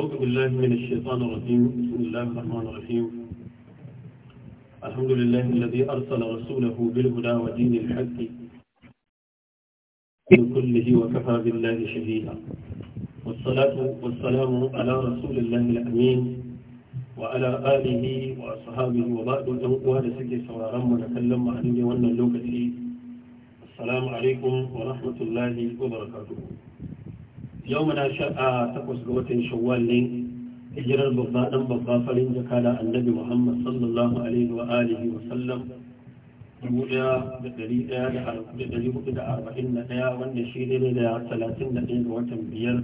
أعوذ بالله من الشيطان الرجيم بسم الله الرحمن الرحيم الحمد لله الذي أرسل رسوله بالهدى ودين الحق كله وكفى بالله شهيدا والصلاة والسلام على رسول الله الأمين وعلى آله وأصحابه وبعد الأنقوى لسكي سوارا ونكلم عن يوانا اللوكتي السلام عليكم ورحمة الله وبركاته yau mana sha'a takwas ga watan shawwal ne hijirar babba dan babba farin jaka da annabi muhammad sallallahu alaihi wa alihi wa sallam ɗaya wanda shi ne da talatin da ɗaya ga watan biyar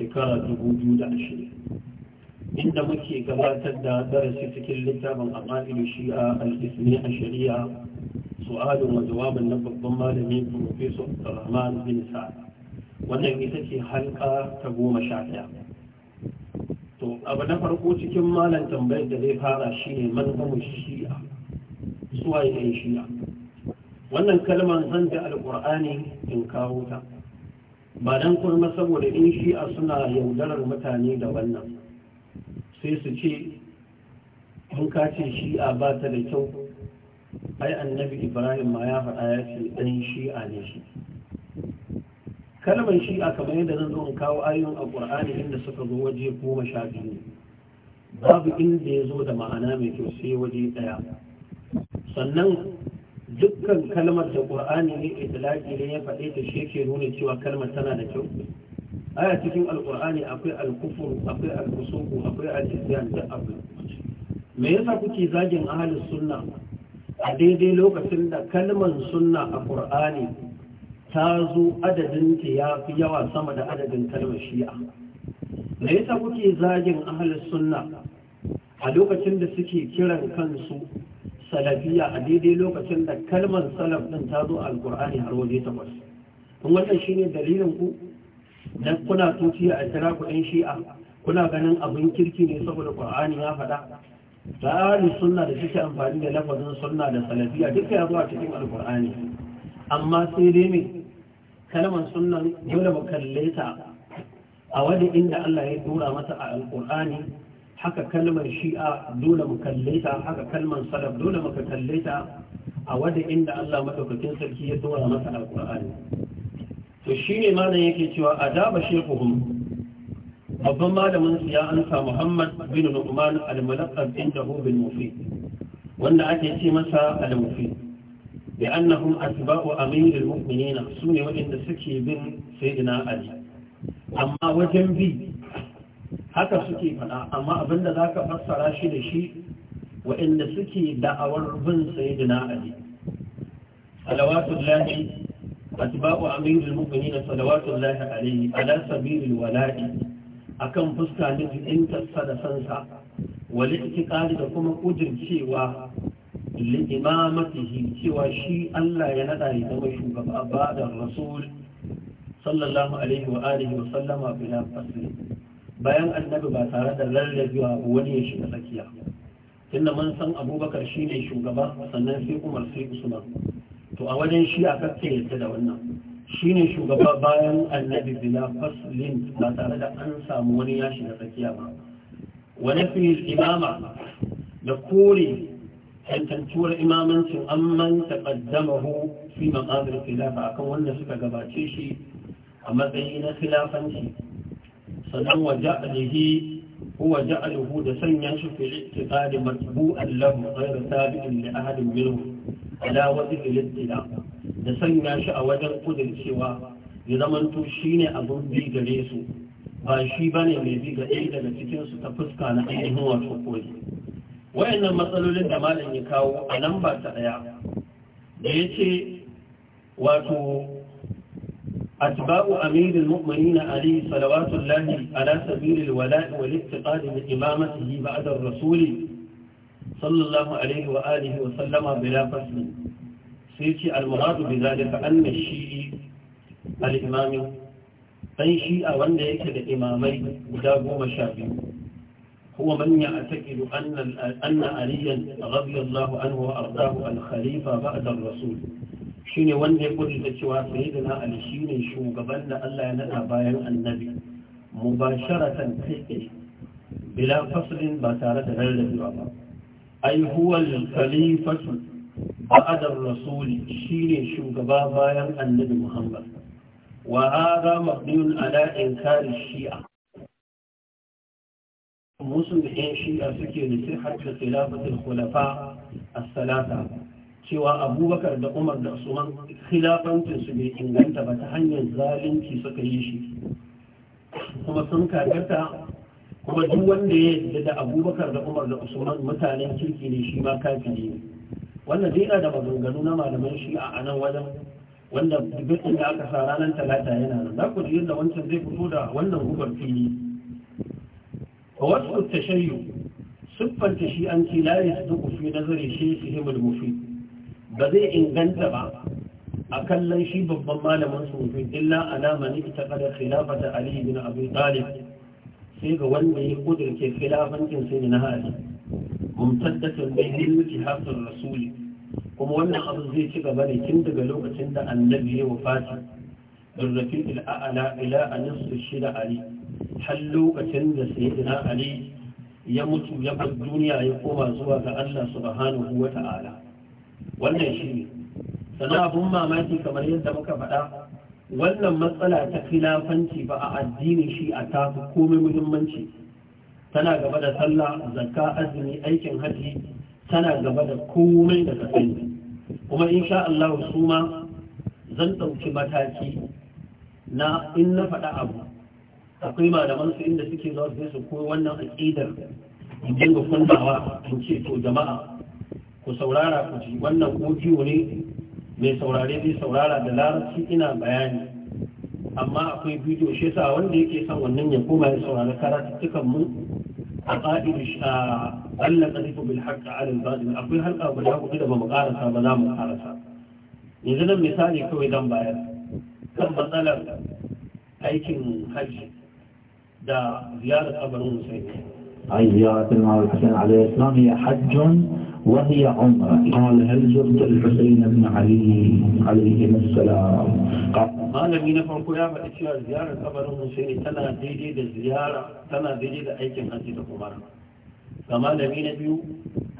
shekara dubu biyu da ashirin. inda muke gabatar da darasi cikin littafin aqaidu shi'a al-ismi a shari'a su'alun wa jawabin na babban malami professor Rahman bin Sa'ad wannan ita ce halka ta goma sha ɗaya to abu na farko cikin malam tambayar da zai fara shi ne manhamu shi'a suwaye ne shi'a wannan kalmar zan da alƙur'ani in kawo ta ba don kurma saboda in shi'a suna yaudarar mutane da wannan sai su ce in ka ce shi'a ba ta da kyau ai annabi ibrahim ma ya faɗa ya ce ɗan shi'a ne shi kalmar shi'a kamar yadda zan zo in kawo ayoyin a ƙur'ani inda suka zo waje goma sha biyu babu inda ya zo da ma'ana mai kyau sai waje ɗaya sannan dukkan kalmar da ƙur'ani ne itilaki ne ya faɗe ta shi ke nuna cewa kalmar tana da kyau aya cikin alƙur'ani akwai alkufur akwai alfusuku akwai alisiyan da abu me yasa kuke zagin ahalin sunna a daidai lokacin da kalmar sunna a ƙur'ani ta zo adadinta ya fi yawa sama da adadin kalmar shi'a da yasa kuke zagin ahalus sunna a lokacin da suke kiran kansu salafiya a daidai lokacin da kalmar salaf din ta zo alkur'ani har waje takwas kun wannan shine dalilin ku na kuna tuci a kira ku ɗan shi'a kuna ganin abin kirki ne saboda qur'ani ya faɗa ta ahalus sunna da suke amfani da lafazin sunna da salafiya duka ya zo a cikin alkur'ani amma sai dai me kalmar sunan, dole mu kalle ta a wani inda Allah ya dora mata a alƙur'ani haka kalmar shi'a dole mu kalle ta haka kalmar salaf dole mu kalle ta a wani inda Allah madaukakin sarki ya dora mata a alƙur'ani to shine malam yake cewa adaba shekuhum babban malamin ya ansa Muhammad bin Nu'man al-Mulaqqab indahu bil Mufid wanda ake ce masa al-Mufid لأنهم أتباع أمير المؤمنين سنة وإن سكي بن سيدنا علي أما وجنبي haka suke faɗa. amma abinda za ka fassara shi da shi wa'inda suke da'awar bin sayidina ali salawatun lahi atba'u amirul mu'minin salawatun lahi alayhi ala sabilil wala'i akan fuska ne in da sansa wal da kuma kudircewa li'imamatihi cewa shi Allah ya nada ya zama shugaba ba da rasul sallallahu alaihi wa alihi wa sallama bila fasli bayan annabi ba tare da rarrabewa wani ya shiga tsakiya tunda mun san abubakar shi ne shugaba sannan sai umar sai usman to a wajen shi a kakka yadda da wannan shine shugaba bayan annabi bila faslin ba tare da an samu wani ya shiga tsakiya ba wani fi imama da kore tantantuwar imamancin amman taqaddamahu fi maqadir khilafa akan wanda suka gabace shi a matsayi na filafanci sannan wa ja'alihi huwa ja'aluhu da sanya shi fi i'tiqadi matbu'an lahu ghayra tabi'in li ahadin minhum ala da sanya shi a wajen kudircewa ya zamanto shine abun bi gare su ba shi bane mai bi ga ɗaya daga cikin su ta fuska na ainihin wato koyi wayannan matsalolin da malam ya kawo a nan ba ta daya da yace wato atba'u amirul mu'minin ali salawatu llahi ala sabilil wala'i wal iqtadi bi imamatihi ba'da ar-rasul sallallahu alaihi wa alihi wa sallama bila fasl sai ce al-muradu bi zalika anna shi'i al-imami dan shi'a wanda yake da imamai guda goma sha biyu هو من يعتقد أن أن عليا رضي الله عنه وأرضاه الخليفة بعد الرسول شين وان يقول لتشوى سيدنا علي شين شو قبل ألا ينأى بايا النبي مباشرة تحكي بلا فصل بسارة هل أي هو الخليفة بعد الرسول شين شو قبل بايا النبي محمد وهذا مبني على إنكار الشيعة musu da yan shi'a suke nasihar da khilafatul khulafa salasa cewa abubakar da umar da usman khilafancin su bai inganta ba ta hanyar zalunci suka yi shi kuma sun kagarta kuma duk wanda ya yarda da abubakar da umar da usman mutanen kirki ne shi ma kafiri ne wannan zai da maganganu na malaman shi'a a nan wajen wanda duk inda aka sa ranar talata yana nan za ku ji yadda wancan zai fito da wannan gubar fili فوصف التشيع صفة شيئا لا يصدق في نظر شيخهم المفيد بذي إن قنتبع أكلا شيء ببما لمن مفيد إلا أنا من اعتقد خلافة علي بن أبي طالب سيغ وندي قدرك خلافا سيدنا علي ممتدة بين جهاز الرسول kuma wannan abin zai ci gaba ne tun daga lokacin da annabi ya wafati bin rafi'il a'ala ila anis shida ali har lokacin da sayyidina ali ya mutu ya bar duniya ya koma zuwa ga Allah subhanahu wa ta'ala wannan shi ne sana abun mamaki kamar yadda muka faɗa wannan matsala ta khilafanci ba a addini shi a tafi komai muhimmanci tana gaba da sallah zakka azumi aikin haji tana gaba da komai da ka kuma insha Allah su ma zan ɗauki mataki na in na faɗa abu akwai malaman su inda suke zuwa su su koyi wannan aqidar in dinga kunnawa in ce to jama'a ku saurara ku ji wannan audio ne mai saurare zai saurara da larabci ina bayani amma akwai bidiyo shi yasa wanda yake son wannan ya koma ya saurari karatuttukan mu a ƙa'idar a Allah qadifu bil haqq ala al batil akwai halka guda hudu da mu karasa ba za mu karasa yanzu nan misali kawai dan bayar kan matsalar aikin hajji دا زيارة قبر المسلمين أي زيارة المال الحسين عليه السلام هي حج وهي عمرة قال هل زرت الحسين بن علي عليهما السلام قال قال مين فرقوا يا بأشياء زيارة قبر المسلمين تنا ديدي الزيارة تنا ديدي أي كم هزي دا قمر فما لمين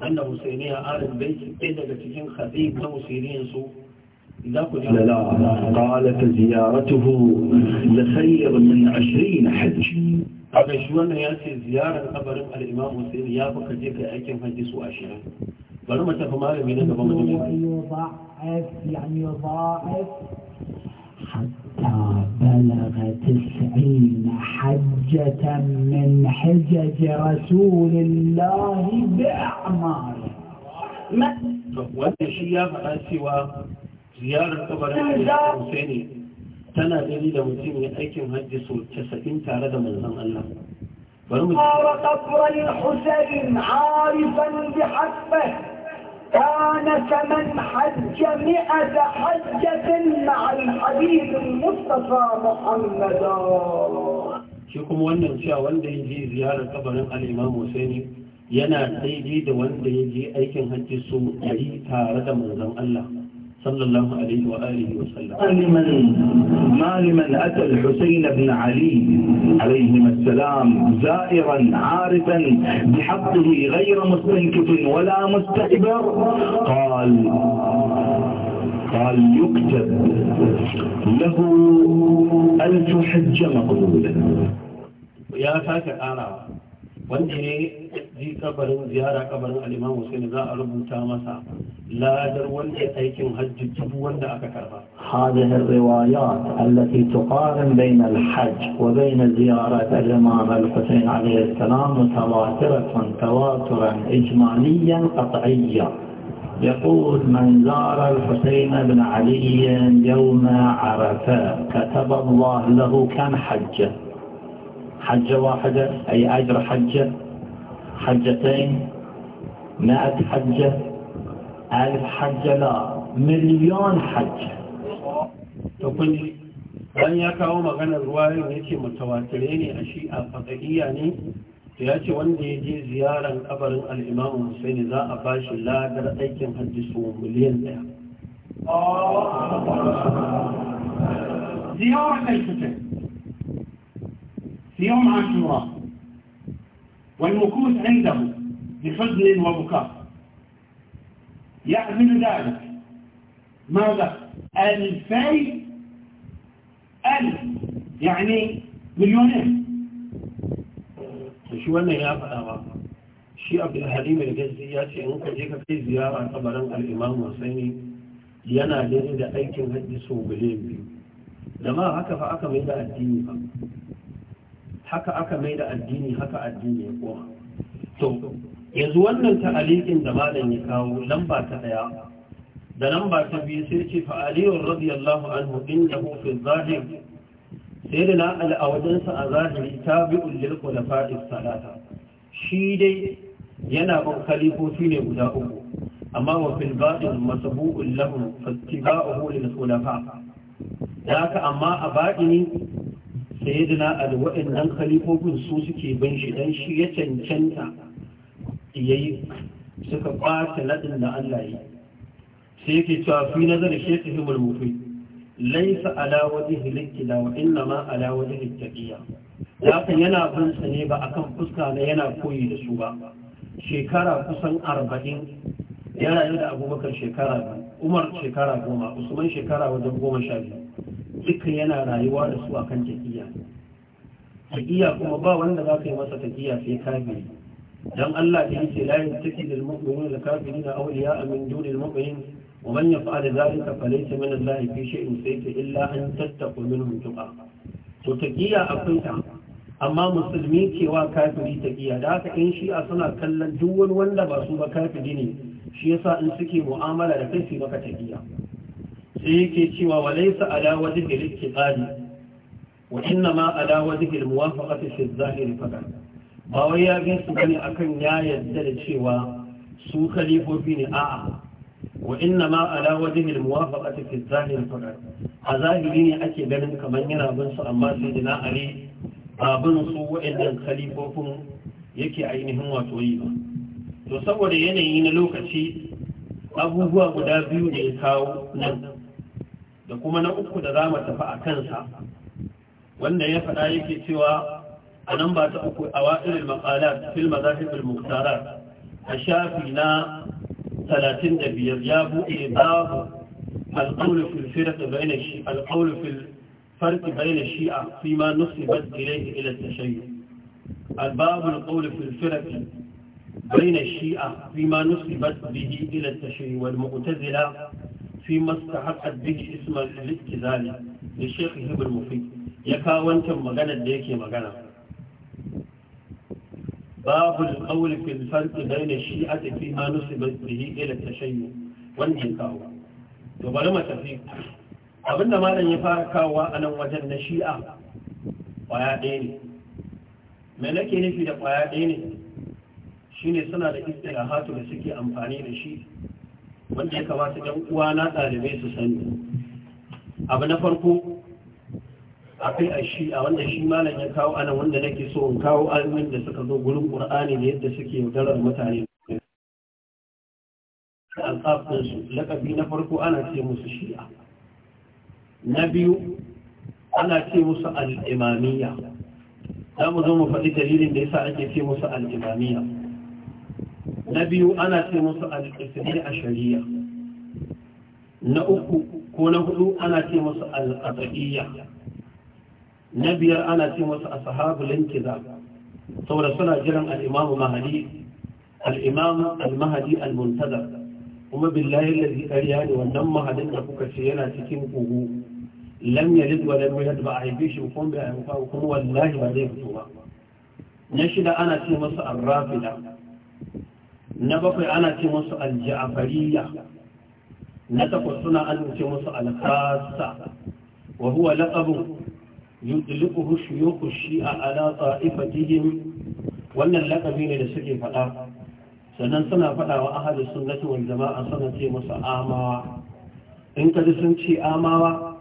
أن حسينيها آل البيت إذا كتجين خفيف ومسيرين سوء لا لا قال فزيارته لخير من عشرين حج هذا شو أنه يأتي زيارة قبر الإمام حسين يا بكتيك أيكم هجس وأشياء بلو تفهم فما من هذا بمجمع يضعف يعني يضاعف حتى بلغ تسعين حجة من حجج رسول الله بأعماره ما وانت شيء ما سوى ziyarar قبر al-husaini tana dari da ايكم ya aikin hajji so 90 tare da manzon Allah bari mu ta kabarin al كان كمن حج مئة حجة مع الحبيب المصطفى محمد شكم وانا انشاء وانا يجي زيارة قبر الامام حسيني ينا سيدي دوان يجي ايكن حج سوء اي تارد من الله صلى الله عليه وآله وسلم ما لمن ما لمن أتى الحسين بن علي عليهما السلام زائرا عارفا بحقه غير مستنكف ولا مستكبر قال قال يكتب له ألف حج مقبولة يا فاتح أنا هذه الروايات التي تقارن بين الحج وبين زيارة الإمام الحسين عليه السلام متواترة تواترا إجماليا قطعيا يقول من زار الحسين بن علي يوم عرفة كتب الله له كم حجه حجة واحدة أي أجر حجة حجتين مائة حجة ألف حجة لا مليون حجة تقول لن يكاو مغانا الرواية ويكي متواتريني أشياء فقهياني فياتي واندي يجي زيارة الأبر الإمام المسين ذا أفاش الله قد أيكم حدثوا مليون آه. زيارة ليكتين ليوم عاشوراء والمكوث عنده بحزن وبكاء يعمل ذلك ماذا الفي الف يعني مليونين شو انا يا شيء قبل هذه الجزئيات يعني ممكن يجيك في زيارة طبعا الإمام الحسيني ينا لين إذا أي كم هدسه بليل لما هكذا فأكم إذا الدين haka aka mai da addini haka addini ya koma to yanzu wannan ta'alikin da malam ya kawo lamba ta daya da lamba ta biyu sai ce fa aliyun radiyallahu anhu innahu fi zahir sai da na a sa a zahiri tabi'un lil khulafa'i salata shi dai yana bin khalifofi ne guda uku amma wa fil batin masbu'un lahum fattiba'uhu lil khulafa' da haka amma a baɗini sayyidina ali waɗannan khalifofin su suke bin shi dan shi ya cancanta ya yi suka ɓata naɗin da Allah yi sai yake cewa fi nazar shekhi himul mufi laisa ala waje hilikila wa inna ma ala waje hittaqiya haka yana bin sa ne ba akan fuska na yana koyi da su ba shekara kusan arba'in yana yi da abubakar shekara biyu umar shekara goma usman shekara wajen goma sha biyu duka yana rayuwa da su akan kan tafiya kuma ba wanda za ka yi masa tafiya sai kafiri don Allah ya yi ce layin tafi da mabuyin da na da auliya a min duri da mabuyin wa man ya fa'ada zalika fa laysa min Allah fi sai ta illa an tattaqu min tuqa to tafiya akwai ta amma musulmi cewa kafiri tafiya da haka in shi'a suna kallon duk wani wanda ba su ba kafiri ne shi yasa in suke mu'amala da kai sai maka tafiya sai yake cewa walaysa ala wajhi al-iqtadi wa inna ma ala wajhi al-muwafaqati fi al-zahir faqat ba wai ya ga su bane akan ya yadda da cewa su khalifofi ne a'a wa inna ma ala wajhi al-muwafaqati fi al-zahir faqat a zahiri ne ake ganin kamar yana bin su amma sai dina ali bin su wa'annan khalifofin yake ainihin wato yi ba to saboda yanayi na lokaci abubuwa guda biyu ne ya kawo nan da kuma na uku da za mu tafi a kansa wanda ya faɗa yake cewa a nan ba ta uku a wa'irin maƙalar fil mazahibul muktarar a shafi na 35 ya buɗe babu alƙaunin filfirar da bayan shi alƙaunin filfarki bayan a fi ma nusibat ilai ila tashayyu الباب القول في الفرق بين الشيعة فيما نسبت به إلى التشيع والمعتزلة fi mastahaq addihi isma al-iktizali da Sheikh Ibn Mufid ya kawo wancan maganar da yake magana babu al-qawl fi al-farq bayna shi'ati fi ma nusibat bihi ila tashayyu wannan ya kawo to bari mu tafi abinda malam ya fara kawowa a nan wajen na shi'a kwaya ɗaya ne me nake nufi da kwaya ɗaya ne shine suna da istilahatu da suke amfani da shi wanda ya kamata ɗan uwa na ɗalibai su sani abu na farko akwai a shi a wanda shi malam ya kawo anan wanda nake so in kawo ayoyin da suka zo gurin ƙur'ani da yadda suke yaudarar mutane da alƙafinsu. laƙabi na farko ana ce musu shi'a na biyu ana ce musu al'imamiyya za mu zo mu faɗi dalilin da yasa ake ce musu al'imamiyya na biyu ana ce musu al-isri a shari'a na uku ko na hudu ana ce musu al-qat'iyya na biyar ana ce musu ashabul inkiza saboda suna jiran al-imam mahdi al-imam al-mahdi al-muntazar kuma billahi alladhi qariya ne wannan mahadin da kuka ce yana cikin kugu lam yalid wa lam yulad ba a haife shi kuma ba a haifa kuma wallahi ba zai fito ba na shida ana ce musu ar-rafida na bakwai ana ce musu alja'afariya na takwas suna an ce musu alkhasa wa huwa laqabun yudlikuhu shuyukhu shi'a ala ta'ifatihim wannan laqabi ne da suke faɗa sannan suna faɗawa wa ahalus sunnati wal jama'a suna ce musu amawa in ka sun ce amawa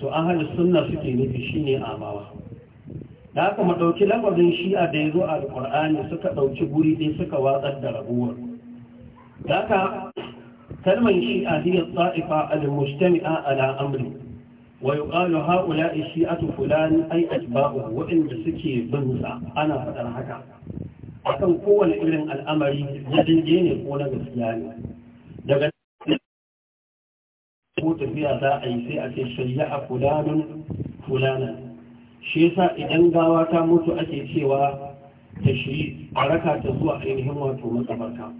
to ahalus sunna suke nufi shine amawa da aka madauki lamarin shi'a da ya zo a alƙur'ani suka ɗauki guri ɗaya suka watsar da raguwar da kalmar shi'a ya tsa'ifa al-mujtami'a ala amri wa yuqalu ha'ula'i shi'atu fulan ay atba'u waɗanda suke bin sa ana faɗar haka akan kowane irin al'amari na dinge ne ko na gaskiya ne daga ko tafiya za a yi sai a ce shari'a fulanun fulanan shi yasa idan gawa ta mutu ake cewa ta shi a raka ta zuwa ainihin wato matsabarka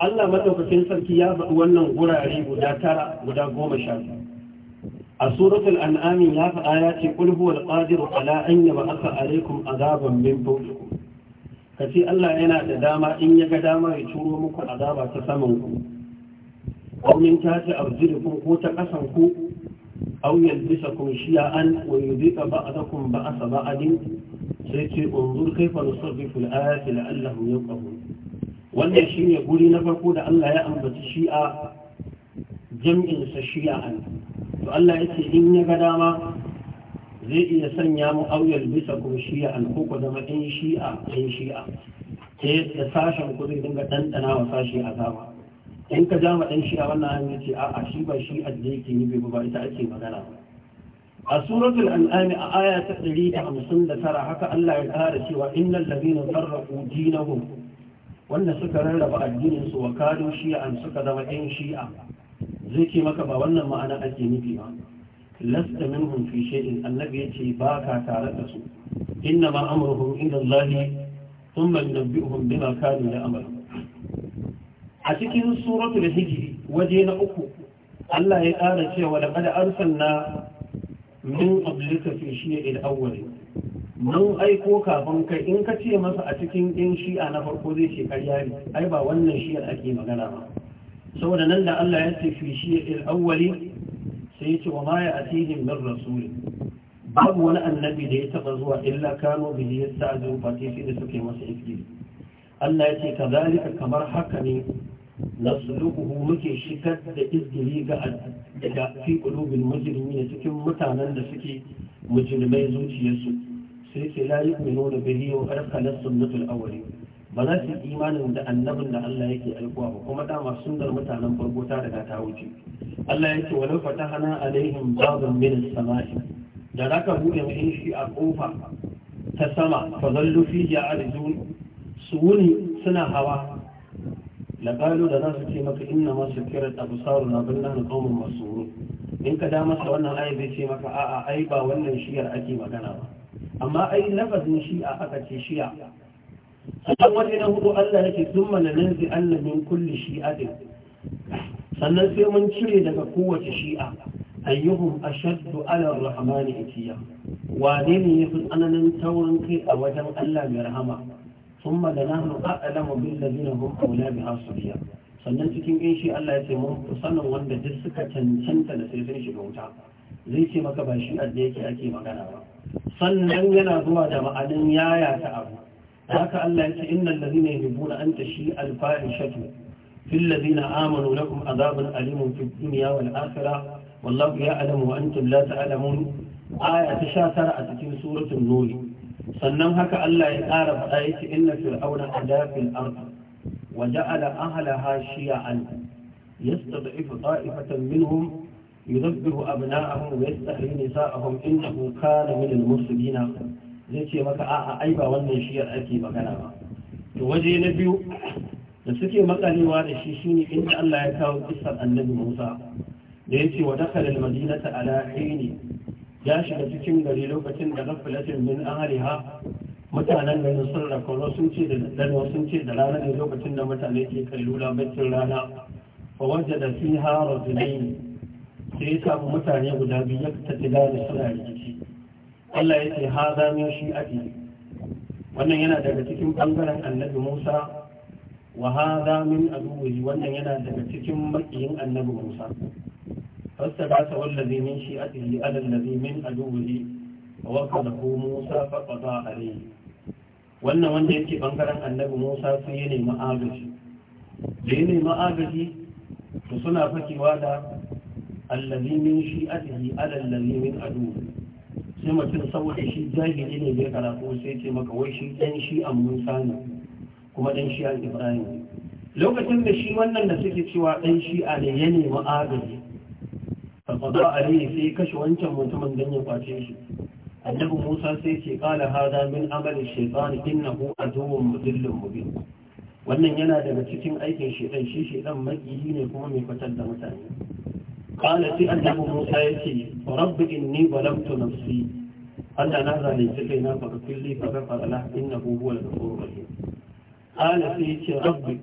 Allah madaukakin sarki ya faɗi wannan gurare guda tara guda goma sha a suratul an'amin ya faɗa ya ce qul huwal qadiru ala an yab'atha alaykum azaban min fawqikum kace Allah yana da dama in ya ga dama ya turo muku azaba ta saman ku ko min ta ce arjulikum ko ta kasan ku Auyar aw yalbisakum shi'an wa yudika ba'dakum ba'sa ba'din sai ce unzur kaifa nusarrifu al-ayati la'allahum yafqahun wannan shine guri na farko da Allah ya ambaci shi'a jam'in sa shi'an to Allah yake in ya ga dama zai iya sanya mu auyar bisa kuma shi'an ko ku zama ɗan shi'a ɗan shi'a ta yadda sashen ku zai dinga ɗanɗana wa sashi azaba in ka jama ɗan shi a wannan hanyar ce a shi ba shi addini ke nufi ba ita ake magana ba a suratul an'ami a aya ta ɗari da hamsin tara, haka Allah ya kara cewa innal ladina farraqu dinahum wanda suka rarraba addinin su wa kadu shi'an suka zama ɗan shi'a zai ce maka ba wannan ma'ana ake nufi ba lasta minhum fi shay'in annabi yace ba ka tare da su inna ma amruhum ila Allah thumma yunabbi'uhum bima kanu ya'malu a cikin suratul hijri waje na uku Allah ya ƙara cewa da kada na min qablika fi shi'il awwal mun aiko kafin kai in ka ce masa a cikin ɗin shi'a na farko zai ce karya ne ai ba wannan shi'ar ake magana ba saboda nan da Allah ya ce fi shi'il awwali sai ya ce wa ma ya atihim min rasuli babu wani annabi da ya taba zuwa illa kano bihi yasta'zu fa sai da suke masa ifki Allah ya ce kazalika kamar haka ne nasluquhu muke shigar da izgiri ga daga fi qulubil mujrimin cikin mutanen da suke mujrimai zuciyarsu sai ce la yu'minuna bihi wa arkanas sunnatul awwalin ba za su imanin da annabin da Allah yake aikuwa ba kuma dama sunnar mutanen farko ta daga ta wuce Allah yake walau hana alaihim babun min samai da zaka bude mai shi a kofa ta sama fa zallu fi ya'rizun su wuni suna hawa laƙalu da za su ce maka inna masu kirar abusaru na bin nan kaumin masu in ka da sa wannan ayat zai ce maka a'a ai ba wannan shiyar ake magana ba amma ai lafazin shi'a aka ce shi'a sannan waje na hudu Allah yake sun malanin zai Allah min kulli shi'atin sannan sai mun cire daga kowace shi'a ayyuhum ashaddu ala rahmani itiya wane ne yafi tsananin taurin kai a wajen Allah mai rahama ثم لنحن أعلم بالذين هم أولى بها صبيا sannan cikin ginshi Allah ya ce mun sanin wanda duk suka cancanta da sai sun shiga wuta zai ce maka ba shi adda yake ake magana ba sannan yana zuwa da ma'anin yaya ta abu haka Allah ya ce innal ladina yuhibbuna an tashi al fahishatu fil ladina amanu lakum adhabun alimun fid dunya wal akhirah wallahu ya'lamu wa antum la ta'lamun aya ta 19 a cikin suratul nur sannan haka Allah ya ƙara faɗa yake inna fir'auna adafil ard wa ja'ala ahlaha shi'an yastad'ifu ta'ifatan minhum yudabbihu abna'ahum wa yastahyi nisa'ahum innahu kana min al-mufsidin zai ce maka a'a ai ba wannan shiyar ake magana ba to waje na biyu da suke makalewa da shi shine inda Allah ya kawo kissar annabi Musa da yace wa dakhala al-madinata ala hini ya shiga cikin gari lokacin da filatin min ahaliha mutanen garin sun rakwarwa sun ce da daddare sun ce da rana ne lokacin da mutane ke kallula baccin rana fa wajen da fi hara rajulai sai ya samu mutane guda biyu ya ta tilani suna rikici Allah ya ce ha zamin shi adi wannan yana daga cikin bangaren annabi Musa wa ha zamin aduwi wannan yana daga cikin makiyin annabi Musa فاستبعث والذي من شيئته على الذي من عدوه ووكله موسى فقضى عليه wannan wanda yake bangaren annabi musa sai ya nemi agaji da ya nemi agaji to suna fakewa da allazi shi shi'atihi ala allazi min adu sai mutum saboda shi jahili ne bai karatu sai ce maka wai shi ɗan shi a musa ne kuma ɗan shi a ibrahim lokacin da shi wannan da suke cewa ɗan shi a ne ya nemi agaji faɗa a rini sai kashe wancan mutumin don ya face shi annabi musa sai ce kala hada min amalin shaitan innahu aduwwun mudillin mubin wannan yana daga cikin aikin shaitan shi shaitan makiyi ne kuma mai fatar da mutane kala sai annabi musa ya ce rabbi inni balamtu nafsi Allah na zalunci kai na faɗa kulli faɗa faɗa innahu huwal ghafurur rahim kala sai ya ce rabbi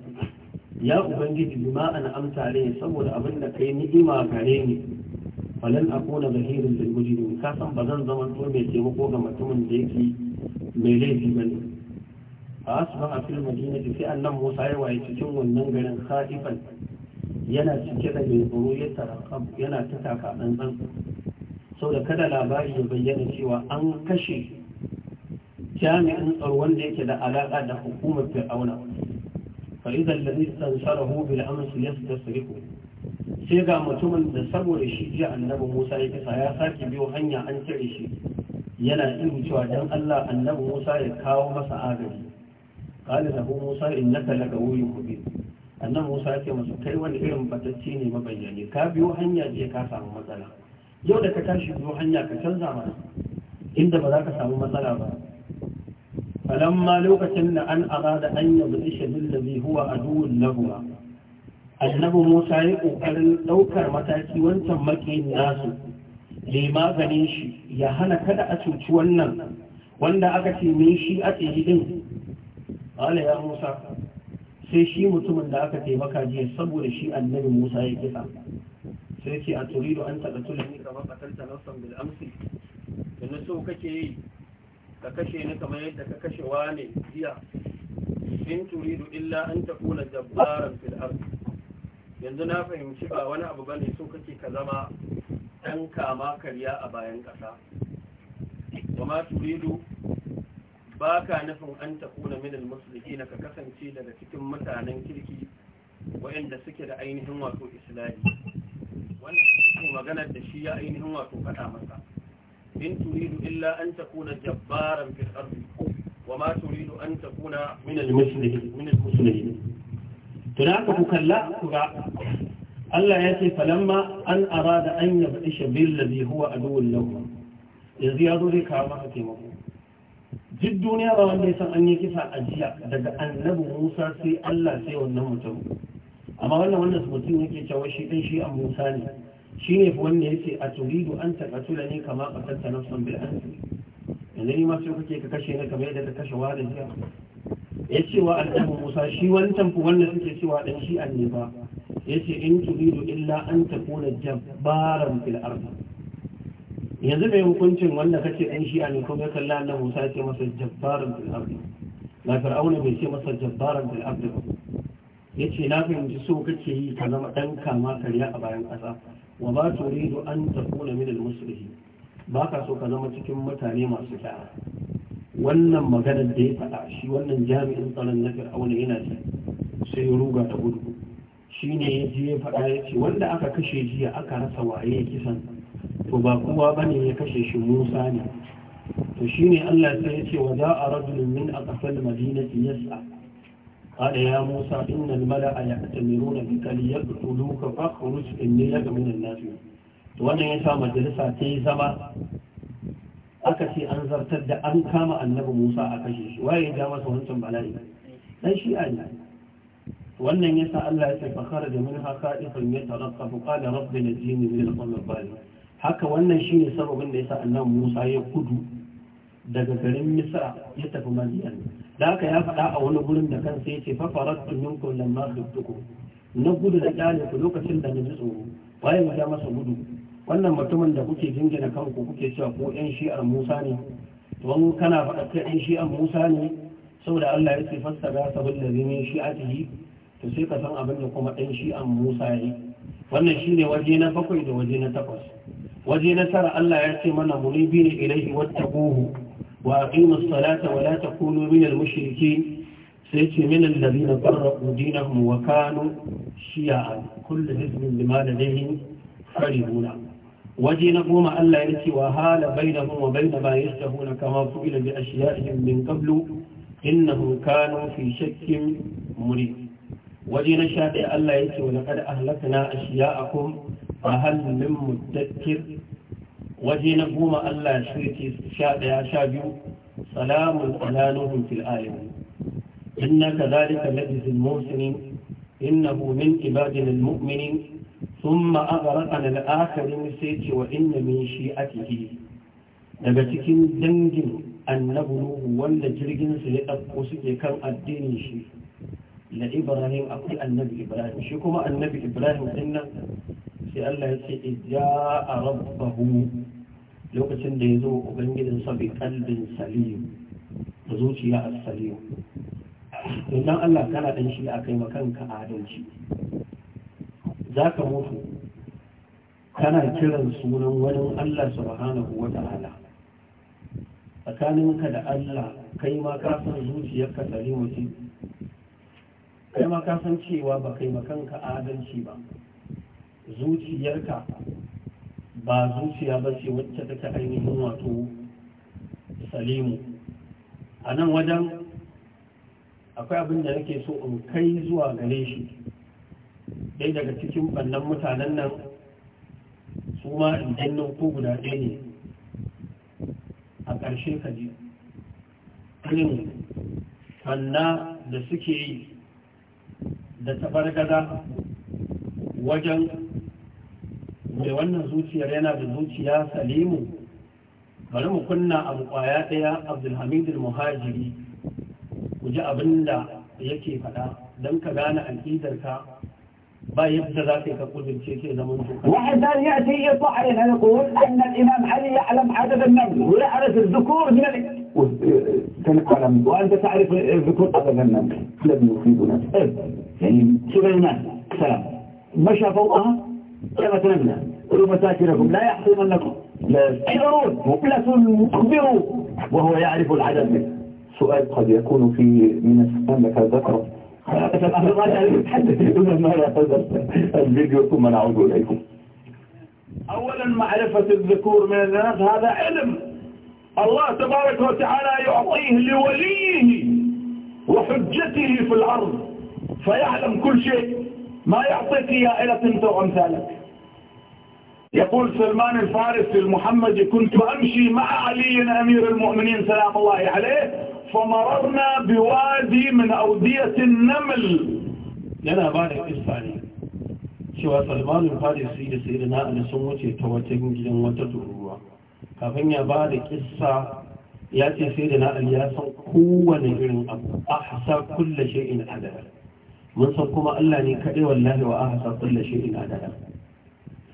ya ubangiji bima an amsa alai saboda abinda da kai ni'ima gare ni falan akuna zahirin lil mujrimin ka san bazan zama to mai taimako ga mutumin da yake mai laifi bane a asbaha fil da sai annan Musa ya waye cikin wannan garin khaifan yana cike da mai tsoro ya tarakab yana ta taka tsantsan da kada labari ya bayyana cewa an kashe jami'in tsaro wanda yake da alaƙa da hukumar fir'auna fa idan ladhi sharahu bil amsi yastasriqu sai ga mutumin da saboda shi ji annabi musa ya kisa ya sake biyo hanya an cire shi yana ihu cewa dan allah annabi musa ya kawo masa agaji kali lahu musa innaka laka wuyu kubi annabi musa ya ce masa kai wani irin batacce ne mabayyane ka biyo hanya je ka samu matsala yau da ka tashi biyo hanya ka canza mana inda ba za ka samu matsala ba falamma lokacin da an arada an yabi ishe billazi huwa aduwwun lahuwa annabi musa ya ƙoƙarin ɗaukar mataki wancan makiyin nasu da maganin shi ya hana kada a cuci wannan wanda aka ce me shi a din. ala ya musa sai shi mutumin da aka taimaka jiya saboda shi annabi musa ya kisa sai ce a turido an tulin ni kamar katanta nasan bil amsi da so kake yi ka kashe ni kamar yadda ka kashe wane jiya in turidu illa an taƙuna jabbaran fil ardi yanzu na fahimci ba wani abu bane so kake ka zama ɗan kama karya a bayan ƙasa wama turidu ba ka nufin an takuna minal musulki na ka kasance daga cikin mutanen kirki waɗanda suke da ainihin wato islami wannan cikin maganar da shi ya ainihin wato faɗa masa in turidu illa an takuna jabbaran fil ardi wama turidu an takuna minal musulki to da haka ku kalla ku Allah ya ce falamma an da an yabtisha bil ladhi huwa aduwwul lahu yanzu ya zo zai kawo maka taimako duk duniya ba wanda ya san an yi kisa a jiya daga annabi Musa sai Allah sai wannan mutum amma wannan wannan mutum yake cewa shi din shi an Musa ne shi ne wanda ce a turidu an tura-tura ne kama qatatta nafsan bil anfi yanzu ni ma sai kake ka kashe ne kamar yadda ka kashe wani jiya ya ce wa annabi musa shi wancan fi wanda suke cewa dan shi an ne ba ya ce in turidu illa an takuna jabbaran fil ardi yanzu mai hukuncin wanda kace dan shi ko kuma kalla annabi musa ce masa jabbaran fil ardi la fir'auna bai ce masa jabbaran fil ardi ya ce na fahimci so kake yi ka zama dan kama karya a bayan ƙasa wa ba turidu an takuna min al-muslimin ba ka so ka zama cikin mutane masu kyara wannan maganar da ya faɗa shi wannan jami'in tsaron na fir'auna yana ce sai ruga da gudu shi ne ya je ya faɗa ya ce wanda aka kashe jiya aka rasa waye kisan to ba kowa ba ne ya kashe shi musa ne to shi ne allah sai ya ce wa za a rajulun min a ƙasar madinati yasa قال يا موسى إن الملأ يأتمرون بك ليقتلوك nasu. إني wannan ya sa Majalisa ta yi zama. aka ce an zartar da an kama annabi musa a kashe shi waye ya masa wancan bala'i dan shi a ne wannan yasa Allah ya ce fa kharaja min haka ifan yatarqafu qala rabbi najini min al-qawm al-zalim haka wannan shine sababin da yasa annabi musa ya kudu daga garin misra ya tafi madiyan da haka ya faɗa a wani gurin da kansa ya ce fa faratu minkum lamma na gudu da kyale ku lokacin da na ji tsoro waye ya masa gudu wannan mutumin da kuke jingina kanku kuke cewa ko yan shi'ar musa ne don kana faɗa yan shi'ar musa ne saboda allah ya ce fassara sabon da zini shi'atihi to sai ka san abin da kuma ɗan shi'an musa ya yi wannan shine waje na bakwai da waje na takwas waje na tara allah ya ce mana munibi ne ilaihi wattaquhu wa aqimus salata wa la takunu minal mushrikin sai ce min alladhina farraqu dinahum wa kanu shi'a kullu hizbin bima fari farihuna waje na goma Allah ya ce wa hala bainahum wa bain ma yashtahuna kama fu'ila bi ashiya'ihim min qablu innahum kanu fi shakkin muri waje na sha ɗaya Allah ya ce wa laqad ahlakna ashiya'akum fa hal min mudakkir waje na goma Allah ya ce sha ɗaya sha biyu salamun ala nuhum fil alamin inna kadhalika najzil muhsinin innahu min ibadina al mu'minin ثم أغرقنا الآخرين سيت وإن من شيئته daga cikin dangin annabi Nuhu wanda jirginsa ya ɗauko suke kan addinin shi da Ibrahim akwai annabi Ibrahim shi kuma annabi Ibrahim din nan sai Allah ya ce a rabbahu lokacin da ya zo ubangijin sa kalbin salim da zuciya a salim idan Allah kana dan shi akai makanka adalci za ka mutu kana kiran sunan wani Allah subhanahu wa ta'ala tsakaninka da Allah kai ma ka san zuciyar ka tsari mutu kai ma ka san cewa ba kai makanka adalci ba zuciyarka ba zuciya ba ce wacce take ainihin wato salimu a nan wajen akwai abin da nake so in kai zuwa gare shi ɗaya daga cikin ɓannan mutanen nan su ma idan nan ko guda ɗaya ne a ƙarshe ka ji irin kanna da suke yi da tabargaza wajen mai wannan zuciyar yana da zuciya salimu bari mu kunna abu kwaya ɗaya abdulhamidul muhajiri ku ji abin da yake faɗa don ka gane al'idarka با يبدا ذلك كقول شيء زمان واحد ثاني ياتي يطلع علينا يقول ان الامام علي يعلم عدد النمل ويعرف الذكور من ال... تنقلم وانت تعرف الذكور عدد النمل لم يفيدنا إيه. يعني سليمان سلام مشى فوقها كما تنمنا قلوا مساكنكم لا يحطمنكم لا تشعرون مبلس مخبر وهو يعرف العدد سؤال قد يكون في من السلام ذكرت الفيديو ثم نعود إليكم أولا معرفة الذكور من الناس هذا علم الله تبارك وتعالى يعطيه لوليه وحجته في الأرض فيعلم كل شيء ما يعطيك يا إلة أمثالك يقول سلمان الفارس المحمد كنت أمشي مع علي أمير المؤمنين سلام الله عليه فمررنا بوادي من أودية النمل لنا بارك إسفاني شوى سلمان الفارس سيدنا أن سموتي توتين جدا وتدروا كفن يا بارك إسا يأتي سيدنا أن يأسن قوة نجر أحسن كل شيء أدار من صدقما ألا نكأي والله وأحسى كل شيء أدار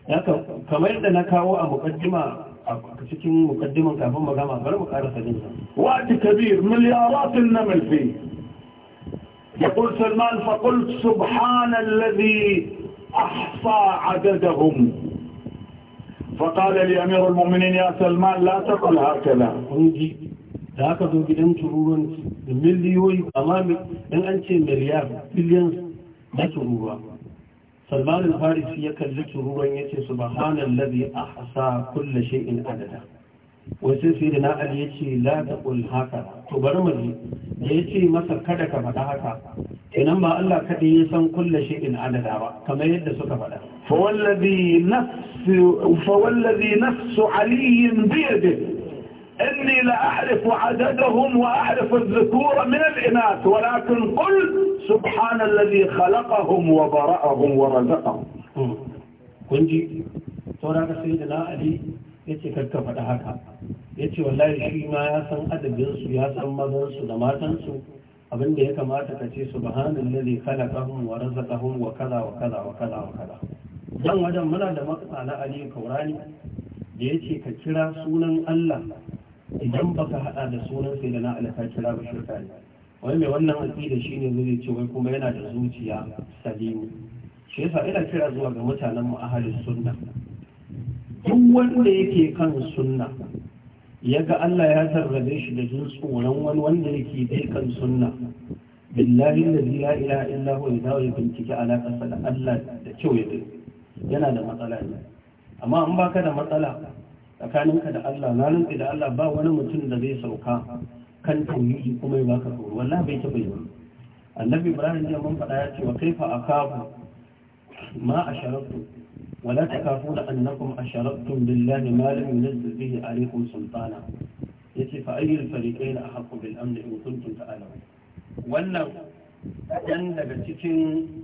kamar yadda na kawo a mukaddima a cikin mukaddiman kafin magama bari mu karasa jinsa وقت كبير مليارات النمل فيه يقول سلمان فقلت سبحان الذي أحصى عددهم فقال لي أمير المؤمنين يا سلمان لا تقل هكذا da aka zo gidan tururuwan da miliyoyi amma in an ce miliyar biliyan na tururuwa salman al-farisi ya kalli turuwan ya ce subhanan a ahsa kulle shay'in adada wasu sai da na'al ya ce la haka to bari mu da ya ce masa kada ka faɗa haka inan ba Allah kaɗai ya san kulle shi'in adada ba kamar yadda suka faɗa fawallazi nafsu aliyin biyade اني لاعرف عددهم واعرف الذكور من الاناث ولكن قل سبحان الذي خلقهم وبرأهم ورزقهم كنجي تورا سيد لا علي يتي كركا فدا هكا يتي والله شي ما يسن ادبين سو يسن مازن سو دماتن سو abin da ya kamata ka ce subhanan lalli khalaqahum wa razaqahum wa kaza wa kaza wa kaza wa kaza dan wajen muna da matsala idan baka hada da sunan sai da na alaka kira ba shirka ne wani mai wannan aqida shi ne zai ce wai kuma yana da zuciya salimu shi yasa ina kira zuwa ga mutanen mu ahalin sunna duk wanda yake kan sunna Yaga Allah ya tarrabe shi da jin tsoron wani wanda yake dai kan sunna billahi allazi la ilaha illa huwa ya dawo ya bincike da Allah da kyau ya yana da matsala ne amma in baka da matsala tsakaninka da Allah na rantsi da Allah ba wani mutum da zai sauka kan tauhidi kuma ya baka tsoro wallahi bai taba yi annabi ibrahim ya mun faɗa ya ce wa kaifa akafu ma asharatu wala takafuna annakum asharaktum billahi ma lam yunzil bihi alaykum sultana yace fa ayyul fariqayn ahqqu bil amn in kuntum ta'lamun wannan dan daga cikin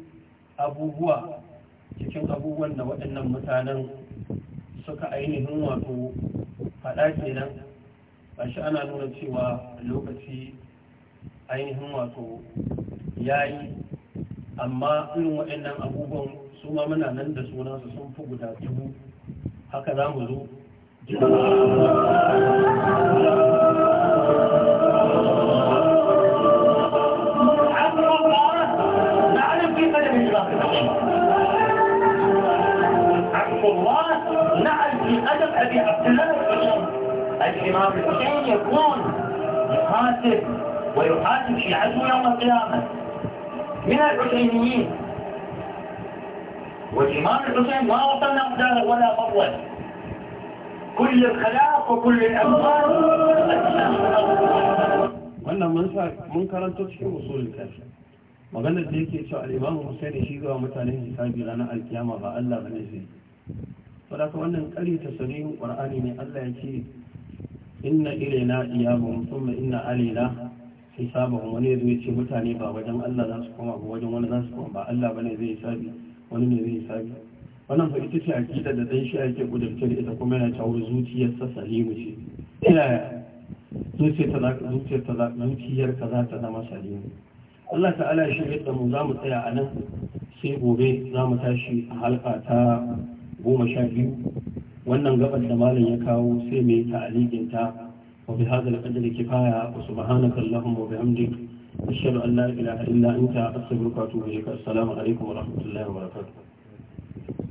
abubuwa cikin abubuwan da waɗannan mutanen suka ainihin wato faɗa kenan a shi ana nuna cewa lokaci ainihin wato ya yi amma irin waɗannan abubuwan su ma muna nan da suna sunansu sun fi guda dubu haka za mu zo القراء نعم في أدب أبي عبد الله الحسين الإمام الحسين يكون يحاسب ويحاسب شيعته يوم القيامة من الحسينيين والإمام الحسين ما وصلنا مقداره ولا فضل كل الخلاق وكل الأموال wannan mun sa mun karanto cikin usulul kafi maganar da yake cewa al-Imam Hussein shi ga mutanen hisabi ranar alkiyama ba Allah bane saboda wannan kare ta sarihin qur'ani ne Allah ya ce inna ilaina iyabum thumma inna alaina hisabahum wani zai ce mutane ba wajen Allah za su koma ba wajen wani za su koma ba Allah ne zai hisabi wani ne zai hisabi wannan fa ita ce akida da dan shi ake kudurta da ita kuma yana tawo zuciyar sa salimu ce ina zuciyar ta ta zaka zuciyar ka za ta zama salimu Allah ta'ala shi yadda mu za mu tsaya a nan sai gobe za mu tashi a halka ta goma sha biyu wannan gabar da malam ya kawo sai mai ta'alikin ta wa bi hadal qadri kifaya wa subhanaka allahumma wa bihamdik ashhadu an la ilaha illa anta astaghfiruka wa atubu ilaik assalamu alaikum wa rahmatullahi wa barakatuh